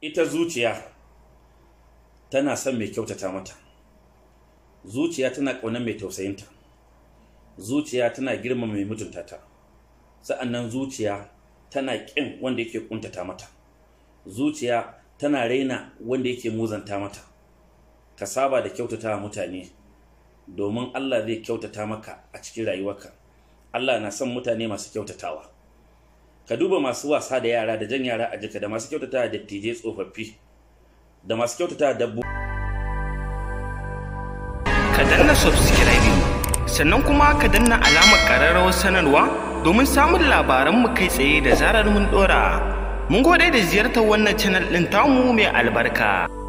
ita zuciya tana son mai kyautata mata zuciya tana ƙaunar mai tausayinta zuciya tana girmama mai mutunta ta sa'annan zuciya tana ƙin wanda yake ƙuntata mata zuciya tana raina wanda yake muzanta mata ka saba da kyautata mutane domin Allah zai kyautata maka a cikin rayuwarka Allah na son mutane masu kyautatawa ka duba masu wasa da yara da jan yara a jika da masu kyautata da dattijai tsofaffi da masu kyautata dabbo ka danna subscribing sannan kuma ka danna alamar ƙararrawar sanarwa domin samun labaran mu kai tsaye da zarar mun ɗora mun gode da ziyartar wannan channel ɗin tamu mai albarka